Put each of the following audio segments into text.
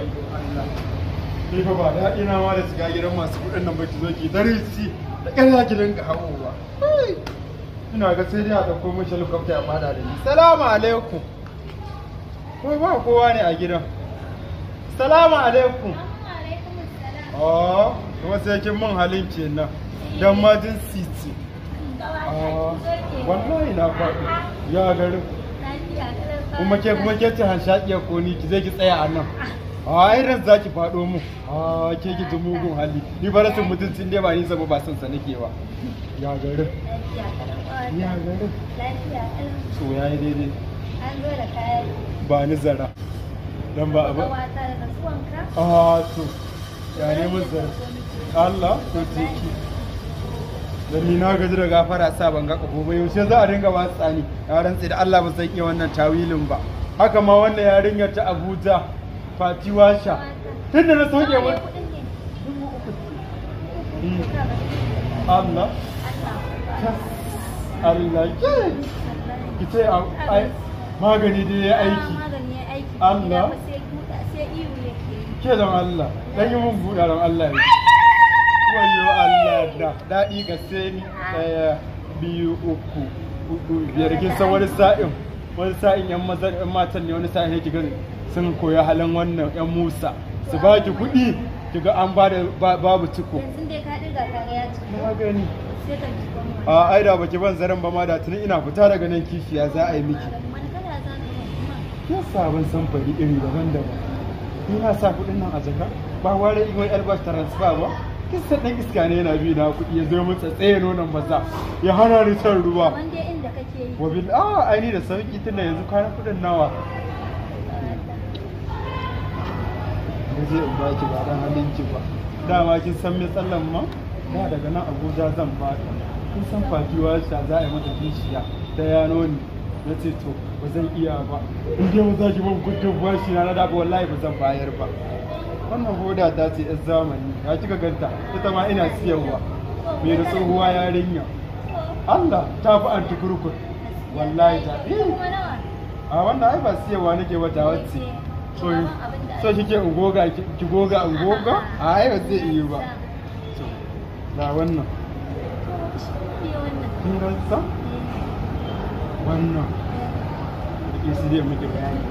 wayo Allah ni fa ba daɗi na ma da shiga gidan masu kuɗin nan baki zo ki darisi da ƙarya ki dinga hawowa ina ga sai dai a ɗauko mishi helicopter ya fada da ni salamu alaikum ko ba kowa ne a gidan salamu alaikum oh kuma sai kin mun halin kenan dan ma jinsi ce ah, wallahi na faɗi ya garin kuma ke kuma ke ci hanshaƙiya ko ni ki zai ki tsaya a nan ai ran zaki faɗo mu a ke ki mugun hali ni ba rasin sun dai ba ni zama ba son sa nake ba ya garin ya garin lafiya so yi daidai an zo da kaya ba ni zara dan ba abu a to ya ne mun zara Allah ko teki Da ni na gaji da gafara sa ban ga kafo ba yaushe za a dinga watsa ni ya rantsi da Allah ba zan iya wannan tawilin ba haka ma wannan yarinyar ta Abuja fati washa tun da na soke wani hmm. Allah Allah ke ki ce ah, magani ya aiki Allah ke don Allah dan yi mun buɗa don Allah ne wayo Allah da daɗi ga sai ni ah. ɗaya biyu uku hudu biyar wani sa'in wani sa'in yan matan ne wani sa'in yake gani sun koya halin wannan yan musa su ba ki kuɗi ki ga an bada babu ciko a aida baki ban zaren ba ma da tuni ina fita daga nan ya za a yi miki ya sabon samfari iri daban-daban ni sa kuɗin nan a jaka ba wani igon albash transfer ba kisa ɗan iska ne yana bi na kuɗi ya zo mun tsatsaye nonon maza ya hana ni shan ruwa wabil a aini ah, da sauki tun da yanzu kwana kudin nawa ne zai in baki ba halin ki ba dama kin san me tsallan ma da daga nan abuja zan ba ka kun san fatiwa sha za a yi mata kishiya ta yano ni na ce to ba zan iya ba in dai ba ban kudin bashi na da ba wallahi ba zan bayar ba wannan hoda ta ce yan zamani ya kika ganta ita ma ina siyarwa mai da tsohuwa yarinya Allah ta fi antikurkur wallahi ta eh! a wannan ai ba siyewa nake wata wacce so kike in goga ki goga in goga a ai ba zai iya ba so da wannan kin ga sa eh. wannan ke su zai muke bayani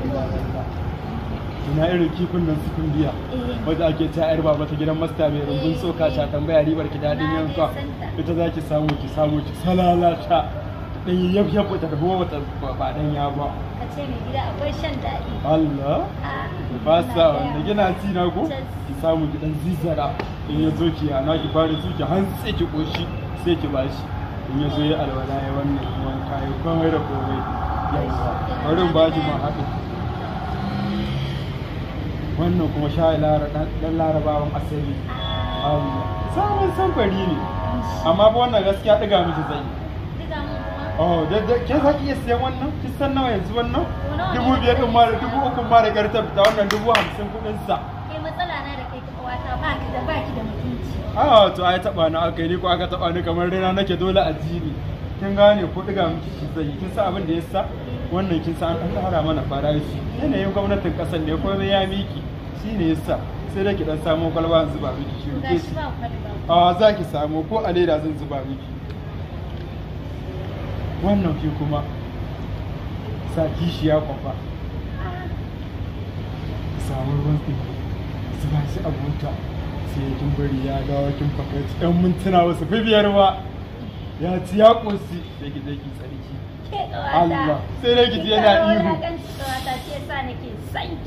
ina irin kifin nan su biya eh. wadda ake ta yar baba ta gidan masta mai rumbun soka shakan baya ribar ki dadin yanka ita za ki samu ki samu ki salalata ya fi yaf ta kuma wata ba ya ba ka ce mai gida akwai shan daɗi Allah ah, ba sa wanda gina ci na ko ki samu ki dan zizara in ya zo ki ana ki fara su ki hantsi ki koshi, sai ki bashi in ya zo ya alwala ya wannan kai ya mai da komai yawa bari ba ji ma haɗu wannan kuma sha ɗan larabawan asali Allah samun samfari ne amma ba wannan gaskiya ɗiga miki zai Oh, da kin saki iya siyan wannan? Kin san nawa yanzu wannan? Dubu biyar din ma dubu uku ma da garta ta wannan dubu hamsin kuɗin sa. Ke eh, matsala na da kai kuma wata ba ki da ba ki da mutunci. Ah, to ai taɓa ni aka yi ko aka taɓa ni kamar rena nake dole a jini. Kin gane ko diga miki ki zai kin sa abin da ya sa wannan kin sa an dan ƙara mana farashi. Yanayin gwamnatin ƙasar ne ko ya miki shi ne ya sa. sai dai ki dan samo kwalba zuba miki shi. Gashi ba kwalba. Ah, za ki samo ko a leda zan zuba miki. wannan fi kuma sa ya kwafa samun ruwan su ba shi abota sai kin bari ya dawo kin fakarci ɗan mintuna wasu fi biyar ba ya ci ya ƙosi sai ki je ki tsarki Allah sai dai ki je yana ihu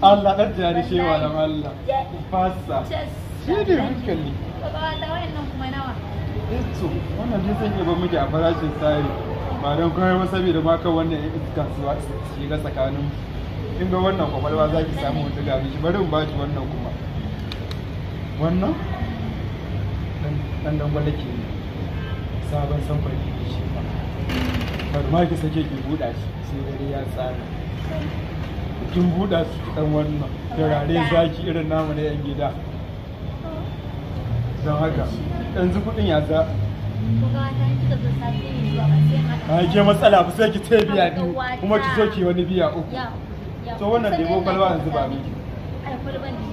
Allah ɗan tunani shewa da Allah fasa shi ne hankali. Kawata wayan nan kuma nawa? Eh wannan zai zan iya ba muke a farashin tsari. ba don kawai ba saboda ba kan wannan yan iska su shiga tsakanin in ga wannan kwakwalwa za ki samu wata gami shi bari ba ki wannan kuma wannan ɗanɗan gwada ke ne sabon samfari ne shi ba bari ma ki sake ki buɗa shi sai dare ya tsara kin buɗa su ɗan wannan turare zaki irin namu na yan gida don haka yanzu kuɗin ya za a ke matsala ba sai ki ce biya biyu kuma ki so ki wani biya uku to wannan debo kwalba yanzu ba miki ai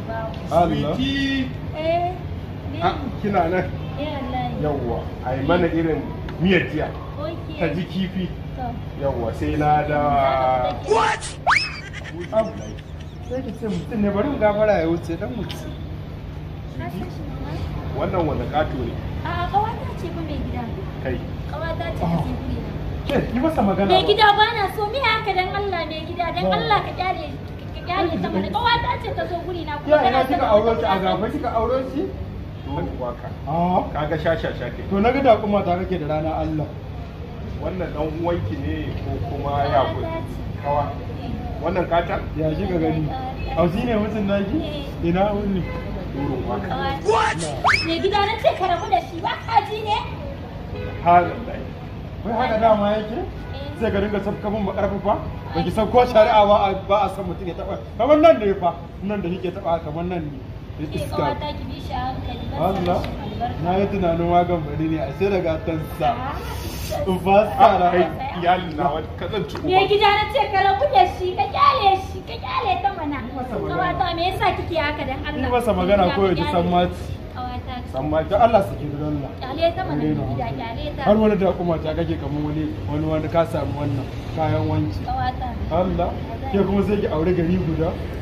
ba Allah eh ah, kina nan eh, yawwa ai mana irin miyar jiya ta ji kifi yawwa sai na da what sai ki ce mutum ne bari gafara ya wuce dan mutum wannan wani kato ne ce fa mai gida. Kai. Kawata ce ta ah. zibiri. Ke, yi masa magana. Mai gida ba na so me haka dan Allah mai gida dan Allah ka kyale ka kyale ta mana. Kawata ce ta zo guri na kuma kana ta. Kika auro ki a gaba kika auro shi? To ah. Kaga sha ke. To na ga da kuma ta kake da rana Allah. Wannan dan uwanki ne ko kuma ya ku. Kawa. Wannan kata? Ya shi ka gani. Hausi ne mutun naki? Eh. Ina wuni. burin waka ne gida na ce ka rabu da shi ba kaji ne da, wai haka dama yake eh. sai ga dinga sabka mun bakarfafa ba ki san ko shari'a ba ba a san mutum ya taba kamar nan ne fa nan da kike taba kamar nan ne eh, iska ta ki bi shi hankali ba Allah na yi tunanin wagan bari ne a sai daga tan sa uba tsara iyalin na wani kazan ci uba ne gida na ce ka kuke shi ka kyale shi ka kyale ta mana kawata me yasa kike haka dan Allah ni masa magana ko ya san mati san mati Allah su kiri don Allah kyale ta mana gida kyale ta har wani da kuma ta kake kamar wani wani wani ka samu wannan kayan wanki Allah ke kuma sai ki aure gari guda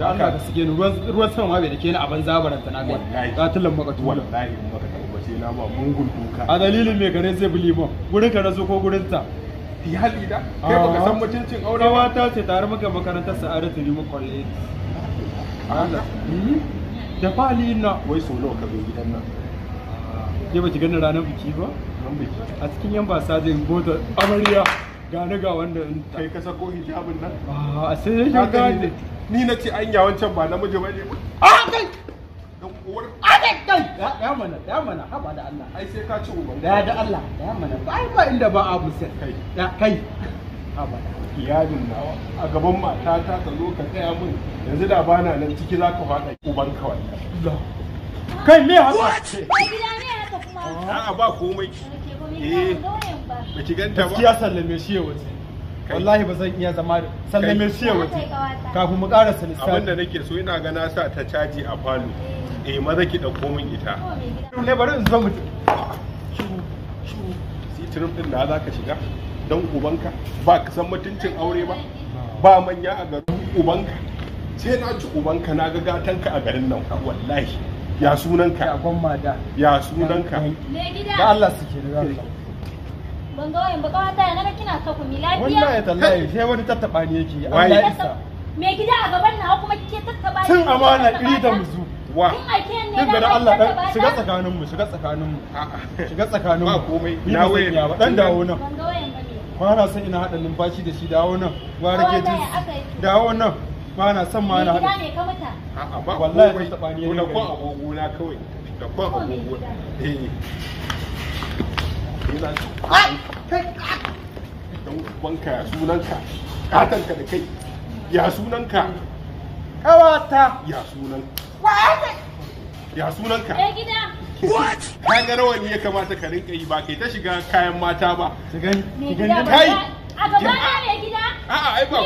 da Allah ka sige ruwan sama ma bai ke ni a banza baranta na kai ka tullan wallahi ba a dalilin me zai mu gurin ka ko gurin ta iyali da kai baka san mutuncin aure ba ta ce tare muka makarantar ni hmm? na wai so ka bai gidan nan ke ba ki ganin ranar biki ba a cikin yan basa zai gota amarya gane ga wanda kai ka sako hijabin nan a sai ne ka gane ni na ce an ya wancan ba namiji ba ne a kai dan uwar a kai kai ya mana ya mana haba da Allah ai sai ka ci uban da da Allah ya mana ba ai ba inda ba abu sai kai da kai haba iyalin nawa a gaban matata ka zo ka tsaya mun yanzu da bana nan ciki za ka faɗa uban ka wallahi kai me haka ce a ba komai eh ba ki ganta ba gaskiya sallame shi ya wuce wallahi ba zan iya zama sallame shi ya wuce kafin mu ƙara salisa abinda nake so ina ga na sa ta caji a falo eh maza ki ɗauko min ita ne bari in zo mu sitirin din da za ka shiga don ubanka ba ka san mutuncin aure ba ba manya a garin ubanka sai na ci ubanka na ga gatanka a garin nan wallahi ya sunanka ya gwamma da ya sunanka da Allah suke da ranka ban ga wayan ba kawata yana naga kina ta kumi lafiya wallahi tallahi sai wani tattaba ne yake Allah ya me gida a gaban nawa kuma kike tattaba tun amana iri da muzu wa tun ga Allah dan shiga tsakanin mu shiga tsakanin mu shiga tsakanin mu ba komai na waye dan dawo nan ban ga wayan ba ne ba na san ina hada numfashi da shi dawo nan ba rage jin dawo nan ba na son ma na haɗa ne ka a'a ba wallahi ba taba eh. ni na na kawai da kwan agogo eh ina dan ya sunanka ka. ya sunanka kawata ya sunan ya sunanka eh gida What? Ka rawani ya kamata ka rinka yi ba kai ta shiga kayan mata ba. a'a ai ba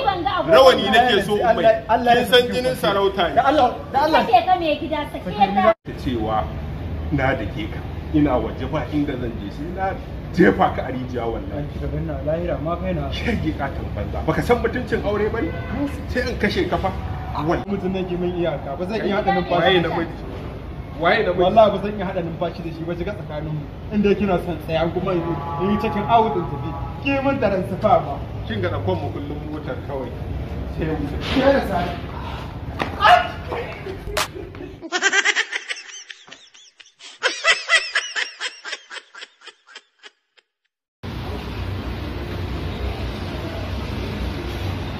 rawani nake so mai kin san jinin sarauta ne da Allah da Allah kake ka me gida sake da cewa na da ke ka ina waje ba inda zan je sai na jefa ka a rijiya wallahi ka ga na lahira ma kai na shege katon banza baka san mutuncin aure bane sai in kashe ka fa wallahi mutun nan ke min iyaka ba zan iya hada numfashi waye na waye da mai wallahi ba zan iya hada numfashi da shi ba shiga tsakaninmu inda kina son tsaya kuma in yi cikin out din tafi ke mun da ran safa ba kin ga dakon mu kullum motar kawai sai wuce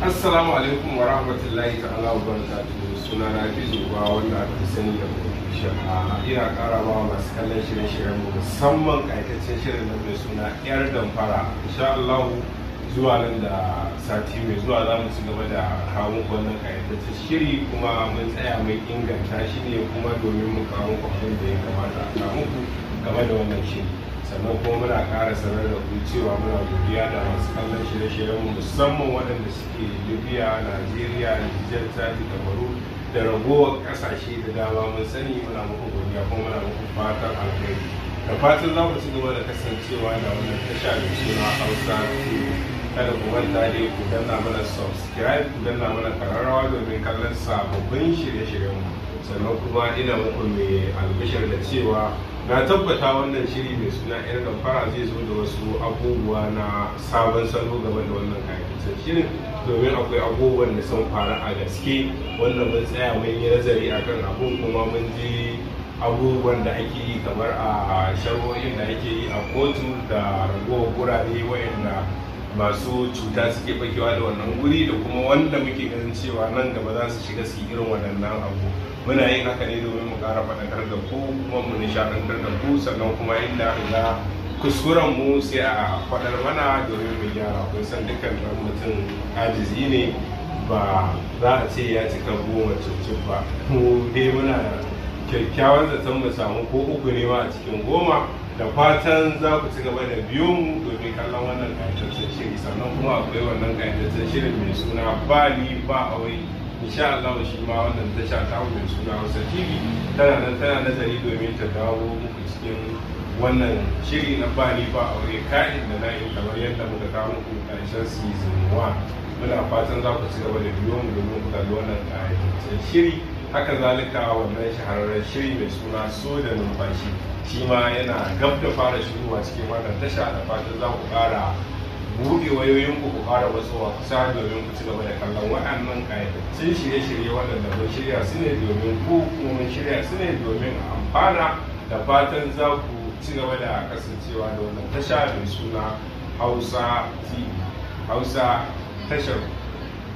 Assalamu alaikum wa rahmatullahi ta'ala wa barakatuhu suna na fi zuwa wanda aka sani da a ina kara ba masu kallon shirin shirin musamman kaitaccen shirin da mai suna yar damfara insha Allah zuwa nan da sati mai zuwa za mu ci gaba da kawo wannan kayyadaccen shiri kuma mun tsaya mai inganta shi ne kuma domin mu kawo muku da ya kamata a kawo ku game da wannan shiri sannan kuma muna kara sanar da ku cewa muna godiya da masu kallon shirye-shiryen musamman waɗanda suke libya najeriya nijar chad kamaru da ragowar ƙasashe da dama mun sani muna muku godiya kuma muna muku fatan alheri da fatan za mu ci gaba da kasancewa da wannan tasha da suna hausa tv kada ku manta da ku danna mana subscribe ku danna mana kararrawa domin kallon sababbin shirye-shiryen sannan kuma ina muku mai albishir da cewa na tabbata wannan shiri mai suna yan damfara zai zo da wasu abubuwa na sabon salo game da wannan kayataccen shirin domin akwai abubuwan da sun faru a gaske wannan mun tsaya mun yi nazari akan abun kuma mun ji abubuwan da ake yi kamar a shari'o'in da ake yi a kotu da ragowar gurare waɗanda masu cuta suke bakewa da wannan guri da kuma wanda muke ganin cewa nan gaba za su shiga su irin waɗannan abu muna yin haka ne domin mu ƙara faɗakar da ku kuma mu nishaɗantar da ku sannan kuma inda ga kuskuren mu sai a faɗar mana domin mu gyara kun san dukkan ɗan mutum ajizi ne ba za a ce ya cika goma cincin ba mu dai muna kyakkyawan zaton mu samu ko uku ne ma a cikin goma da fatan za ku ci gaba da biyu mu domin kallon wannan ƙayataccen shiri sannan kuma akwai wannan ƙayataccen shiri mai suna ba ni ba awai insha Allah shi ma wannan tasha ta mai suna Hausa TV tana nan tana nazari domin ta dawo muku cikin wannan shiri na ba ni ba aure ka'in da na'in kamar yadda muka kawo muku ƙarshen season 1 muna fatan za ku ci gaba da biyu mu domin ku kalli wannan ƙayataccen shiri haka zalika wannan shahararren shiri mai suna so da numfashi shi ma yana gab da fara shigowa cikin wannan tasha da fatan za ku ƙara buɗe wayoyin ku fara wasu wasa domin ku ci gaba da kallon waɗannan ƙayatattun shirye-shirye waɗanda mun shirya su ne domin ku kuma shirya su ne domin amfana da fatan za ku ci gaba da kasancewa da wannan tasha mai suna hausa tv hausa tashar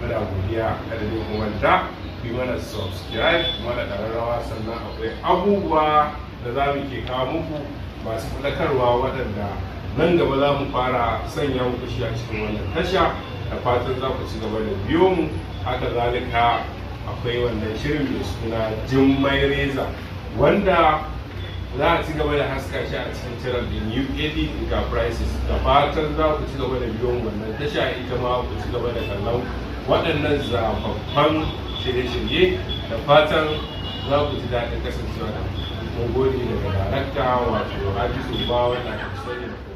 muna godiya kada ne manta yi mana subscribe da ƙararrawa sannan akwai abubuwa da za mu ke kawo muku masu faɗakarwa waɗanda nan gaba za mu fara sanya muku shi a cikin wannan tasha da fatan za ku ci gaba da biyo mu haka zalika akwai wannan shirin mai suna jimmai reza wanda za a ci gaba da haska shi a cikin tirar din UAD ga da fatan za ku ci gaba da biyo wannan tasha ita ma ku ci gaba da kallon waɗannan zababban shirye-shirye da fatan za ku ji daɗin kasancewa da mun gode daga darakta wato hadisu bawa da sani